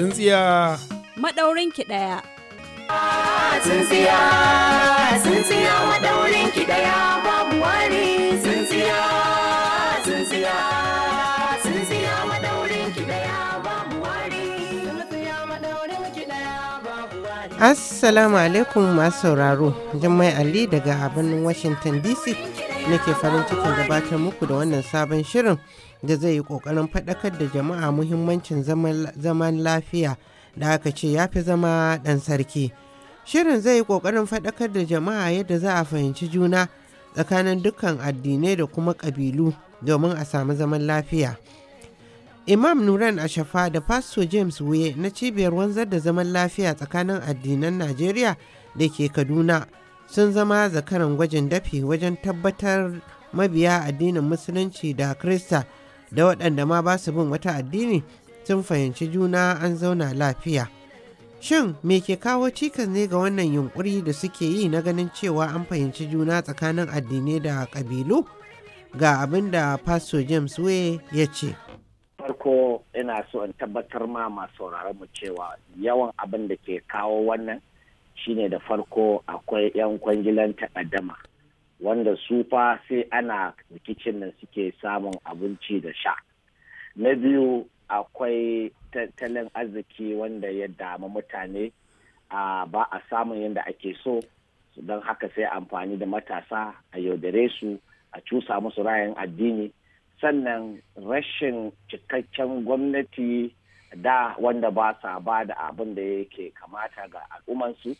Tsintsiya. Maɗaurin ki ɗaya. Tsintsiya, tsintsiya maɗaurin ki ɗaya babu wani tsintsiya, tsintsiya. maɗaurin babu Assalamu alaikum masu sauraro, Jummai Ali daga birnin Washington DC. nake farin cikin gabatar muku da wannan sabon shirin da zai yi kokarin faɗakar da jama'a muhimmancin zaman lafiya da aka ce ya fi zama ɗan sarki shirin zai yi kokarin faɗakar da jama'a yadda za a fahimci juna tsakanin dukkan addinai da kuma ƙabilu domin a samu zaman lafiya imam nuran ashafa da pastor james wuye na cibiyar wanzar da zaman lafiya tsakanin addinan najeriya da ke kaduna sun zama zakaran gwajin dafi wajen tabbatar mabiya addinin musulunci da krista da waɗanda ma ba su bin wata addini sun fahimci juna an zauna lafiya shin me ke kawo cikas ne ga wannan yunkuri da suke yi na ganin cewa an fahimci juna tsakanin addinai da ƙabilu ga abin da pastor james way ya ce farko ina so in tabbatar ma masu mu cewa yawan abin da ke kawo wannan shine da farko akwai 'yan kwangilan takaddama wanda su fa sai ana rikicin nan suke samun abinci da sha na biyu akwai tattalin arziki wanda ya dama mutane a ba a samun yadda ake so don haka sai amfani da matasa a yaudare su a cusa musu rayan addini sannan rashin cikakken gwamnati da wanda ba sa ba da abin da yake kamata ga al'ummansu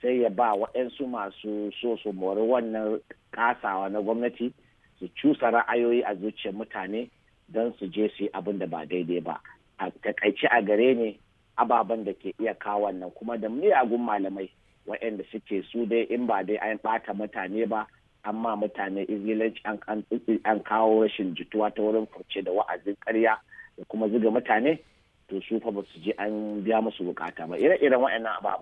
sai ya ba waɗansu masu so su mori wannan kasawa na gwamnati su cusa ra'ayoyi a zuciyar mutane don su je su yi abin da ba daidai ba a takaice a gare ne ababen da ke iya kawo wannan kuma da miyagun malamai waɗanda suke su dai in ba dai an ɓata mutane ba amma mutane izilanci an kawo rashin jituwa ta wurin furce da wa'azin karya da kuma zuga mutane to su fa ba su je an biya musu bukata ba ire-iren waɗannan ba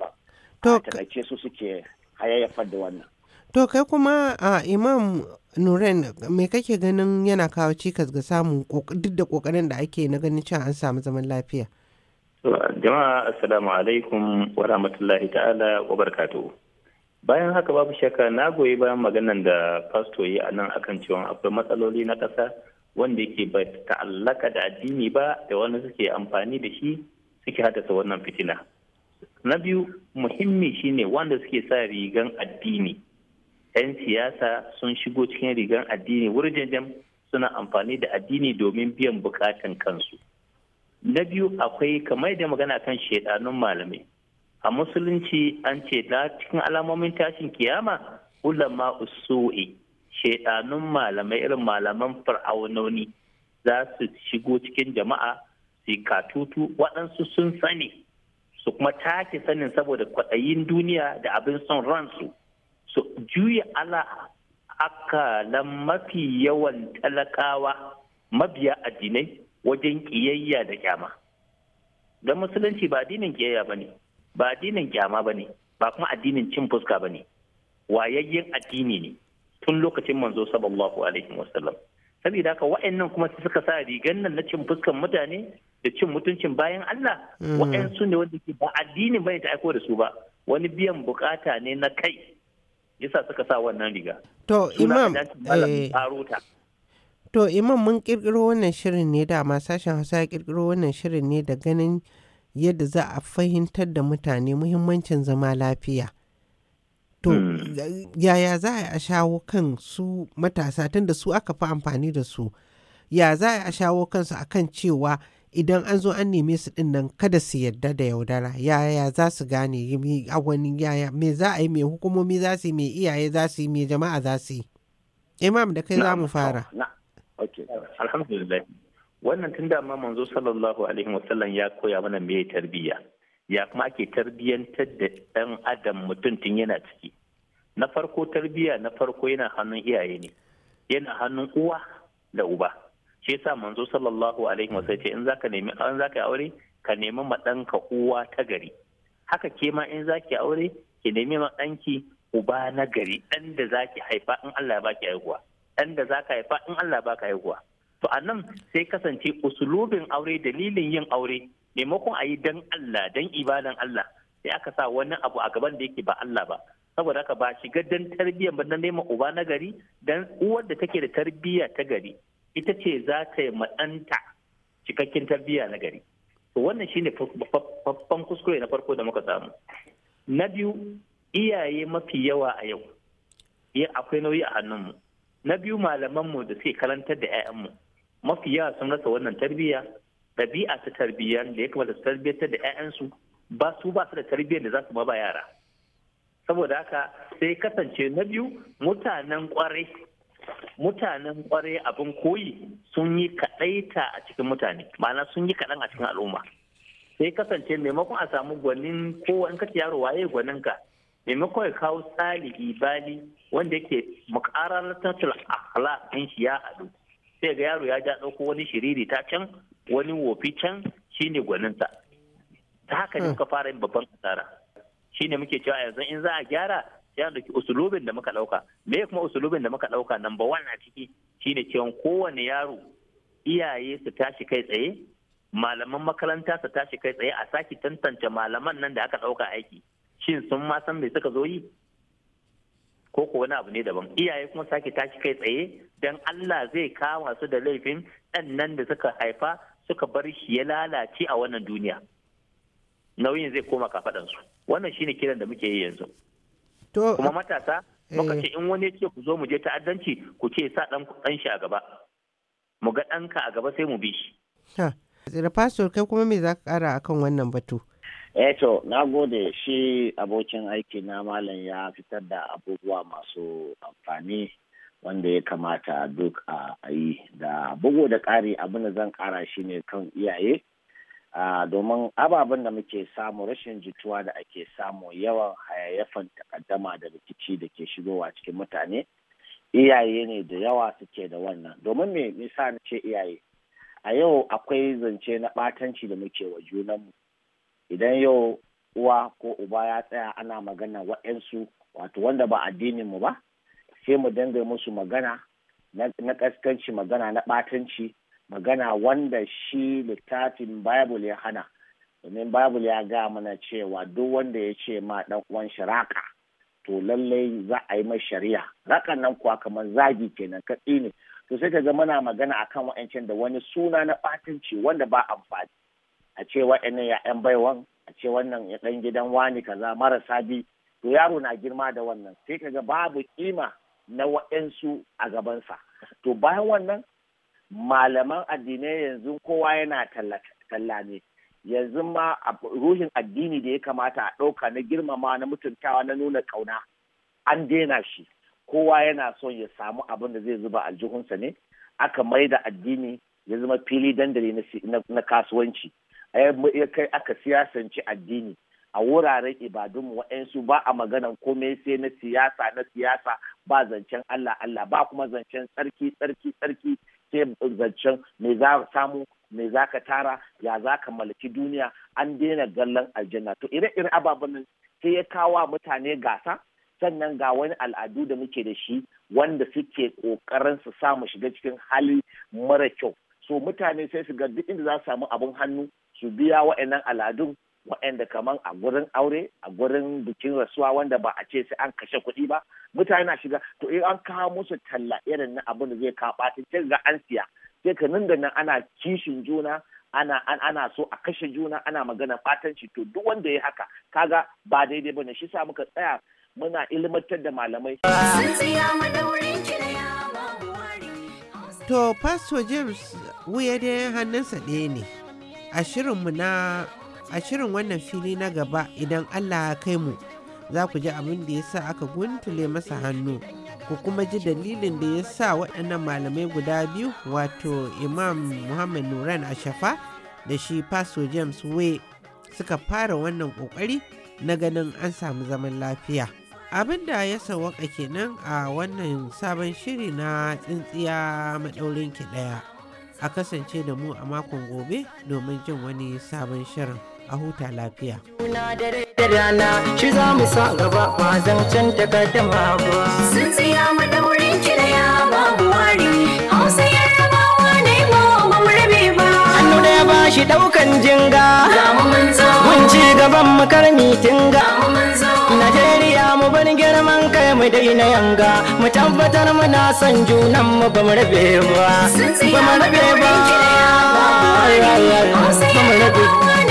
to ce su suke hayayyafar da wannan to kai kuma a imam nuren mai kake ganin yana kawo cikas ga samun duk da kokarin da ake na ganin cewa an samu zaman lafiya jama'a assalamu alaikum wa rahmatullahi ta'ala wa barkatu bayan haka babu shakka na goyi bayan maganan da fasto yi a nan akan cewa akwai matsaloli na ƙasa wanda yake ba ta'allaka da addini ba da wani suke amfani da shi suke haddasa wannan fitina na biyu muhimmi shine wanda suke sa rigan addini 'yan siyasa sun shigo cikin rigan addini wurjejen suna amfani da addini domin biyan bukatan kansu na biyu akwai kamar da magana kan shaidanun malamai a musulunci an ce da cikin alamomin tashin kiyama ulama usu'i shaidanun malamai irin malaman fir'aunoni za su shigo cikin jama'a su katutu waɗansu sun sani su kuma take sanin saboda kwaɗayin duniya da abin son ransu su juya ala akalan mafi yawan talakawa mabiya addinai wajen ƙiyayya da kyama don musulunci ba addinin ƙiyayya ba ne ba addinin kyama ba ne ba kuma addinin cin fuska ba ne wayayyen addini ne tun lokacin manzo sallallahu alaihi sallam saboda haka wa'annan kuma suka sa rigan nan na cin fuskan mutane da cin mutuncin bayan Allah hmm. wa'ansu ne wanda ke ba addini bane ta aiko da su ba wani biyan bukata ne na kai yasa suka sa wannan riga to imam eh. to imam mun kirkiro wannan shirin ne dama sashen Hausa ya kirkiro wannan shirin ne da ganin yadda za a fahimtar da mutane muhimmancin zama lafiya To, hmm. yaya za a shawo kan su matasa tunda su aka fi amfani da su, ya za a shawo kansu a kan cewa idan an zo an neme su ɗin nan kada su yarda da yaudara, yaya za su gane a wani yaya, me za a yi, me hukumomi za su yi, me iyaye za su yi, me jama'a za su yi. Imam eh, da kai za mu fara. Oh, Alhamdulillah. Wannan tun da manzo sallallahu alaihi wasallam ya koya mana me tarbiyya. ya kuma ake tarbiyyantar da ɗan adam mutum tun yana ciki na farko tarbiyya na farko yana hannun iyaye ne yana hannun uwa da uba shi yasa manzo sallallahu alaihi wasallam ce in zaka nemi in zaka yi aure ka nemi ma ɗanka uwa ta gari haka ke ma in zaki aure ki nemi ma ɗanki uba na gari ɗan da zaki haifa in Allah ya baki haihuwa ɗan da zaka haifa in Allah ya baka haihuwa to a nan sai kasance usulubin aure dalilin yin aure maimakon a yi dan Allah dan ibadan Allah sai aka sa wani abu a gaban da yake ba Allah ba saboda haka ba shiga dan tarbiyya ba na neman uba na gari dan uwar da take da tarbiyya ta gari ita ce za ta yi matsanta cikakken tarbiyya na gari to wannan shine babban kuskure na farko da muka samu na biyu iyaye mafi yawa a yau ya akwai nauyi a hannunmu na biyu malamanmu da suke karantar da 'ya'yanmu mafi yawa sun rasa wannan tarbiyya ɗabi'a ta tarbiyyar da ya kamata su tarbiyyar da 'ya'yansu ba su ba su da tarbiyyar da za su ma ba yara saboda haka sai kasance na biyu mutanen kwarai mutanen kwarai abin koyi sun yi kaɗaita a cikin mutane ma'ana sun yi kaɗan a cikin al'umma sai kasance maimakon a samu gwanin ko in ka yaro waye gwanin ka maimakon ya kawo tsari ibali wanda yake mukarar tattalin akhlaq din shi ya haɗu sai ga yaro ya ja ɗauko wani shiriri ta can wani wofi can shine gwaninsa ta haka ne hmm. muka fara yin babban asara shine muke cewa yanzu in za a gyara ya da dauki usulubin da muka dauka me kuma usulubin da muka dauka number one a ciki shine cewa kowane yaro iyaye su tashi kai tsaye malaman makaranta su tashi kai tsaye a sake tantance malaman nan da aka dauka aiki shin sun ma san me suka zo yi ko ko wani abu ne daban iyaye kuma sake tashi kai tsaye dan Allah zai kama su da laifin ɗan nan da suka haifa suka bar shi ya lalace a wannan duniya nauyin zai koma su wannan shine kiran da muke yi yanzu kuma matasa muka ce eh. in wani ya ce ku zo mu je ta'addanci ku ce sa dan shi a gaba mu ga ɗanka a gaba sai mu bi shi Pastor kai kuma me za ka kara akan wannan batu? Eh to, na gode shi abokin aiki na malam ya fitar da abubuwa masu amfani wanda ya kamata duk a yi da bugu da ƙari abin da zan ƙara shi ne kan iyaye domin ababen da muke samu rashin jituwa da ake samu yawan hayayyafan takaddama da rikici da ke shigowa cikin mutane iyaye ne da yawa suke da wannan domin me na ce iyaye a yau akwai zance na ɓatanci da muke wa junanmu idan yau uwa ko uba ya tsaya ana magana wa'yansu wato wanda ba addinin mu ba sai mu dinga musu magana na kaskanci magana na batanci magana wanda shi littafin bible ya hana domin bible ya ga mana cewa duk wanda ya ce ma ɗan uwan shi raka to lallai za a yi mai shari'a rakan nan kuwa kamar zagi kenan katsi ne to sai ka ga muna magana akan wa'ancan da wani suna na ɓatanci wanda ba amfani a ce wa'annan ya'yan baiwan a ce wannan ya ɗan gidan wani kaza marasa bi to yaro na girma da wannan sai ka ga babu kima na waɗansu a gabansa to bayan wannan malaman addinai yanzu kowa yana talla ne yanzu ma ruhin addini da ya kamata a ɗauka na girmama na mutuntawa na nuna ƙauna an daina shi kowa yana son ya samu abin da zai zuba aljihunsa ne aka mai da addini ya zama fili dandali na kasuwanci ya kai aka siyasanci addini a wuraren ibadunmu waɗansu ba a maganan komai sai na siyasa na siyasa ba zancen Allah Allah ba kuma zancen tsarki tsarki tsarki sai zancen me za samu me za ka tara ya za ka mallaki duniya an daina gallan aljanna to ire-ire ababen nan sai ya kawo mutane gasa sannan ga wani al'adu da muke da shi wanda suke kokarin su samu shiga cikin hali mara kyau so mutane sai su ga duk inda za su samu abin hannu su biya wa'annan al'adun waɗanda kaman a gurin aure a gurin bikin rasuwa wanda ba a ce sai an kashe kuɗi ba mutane na shiga to in an kawo musu talla irin na abin da zai kaɓa ta ce ga an siya sai ka nan da nan ana kishin juna ana ana so a kashe juna ana magana ɓatanci to duk wanda ya haka kaga ba daidai bane shi sa muka tsaya muna ilmantar da malamai. To Pastor James wuya dai hannunsa ɗaya ne a shirinmu na a shirin wannan fili na gaba idan Allah ya kai mu za ku ji abin da ya sa aka guntule masa hannu ku kuma ji dalilin da ya sa waɗannan malamai guda biyu wato imam muhammad nuran ashafa da shi faso james way suka fara wannan ƙoƙari na ganin an samu zaman lafiya abin da ya sawaka kenan a wannan sabon shiri na tsintsiya maɗaurinki ɗaya a kasance da mu a makon gobe domin jin wani sabon shirin. a huta lafiya. dare shi za sa gaba ba ba. ɗaukan jinga. Mun ci gaban mu karmi tinga. Najeriya mu bar girman kai mu daina yanga mu tabbatar muna san junan mu ba mu rabe ba. Ba mu rabe ba. Ba mu rabe ba.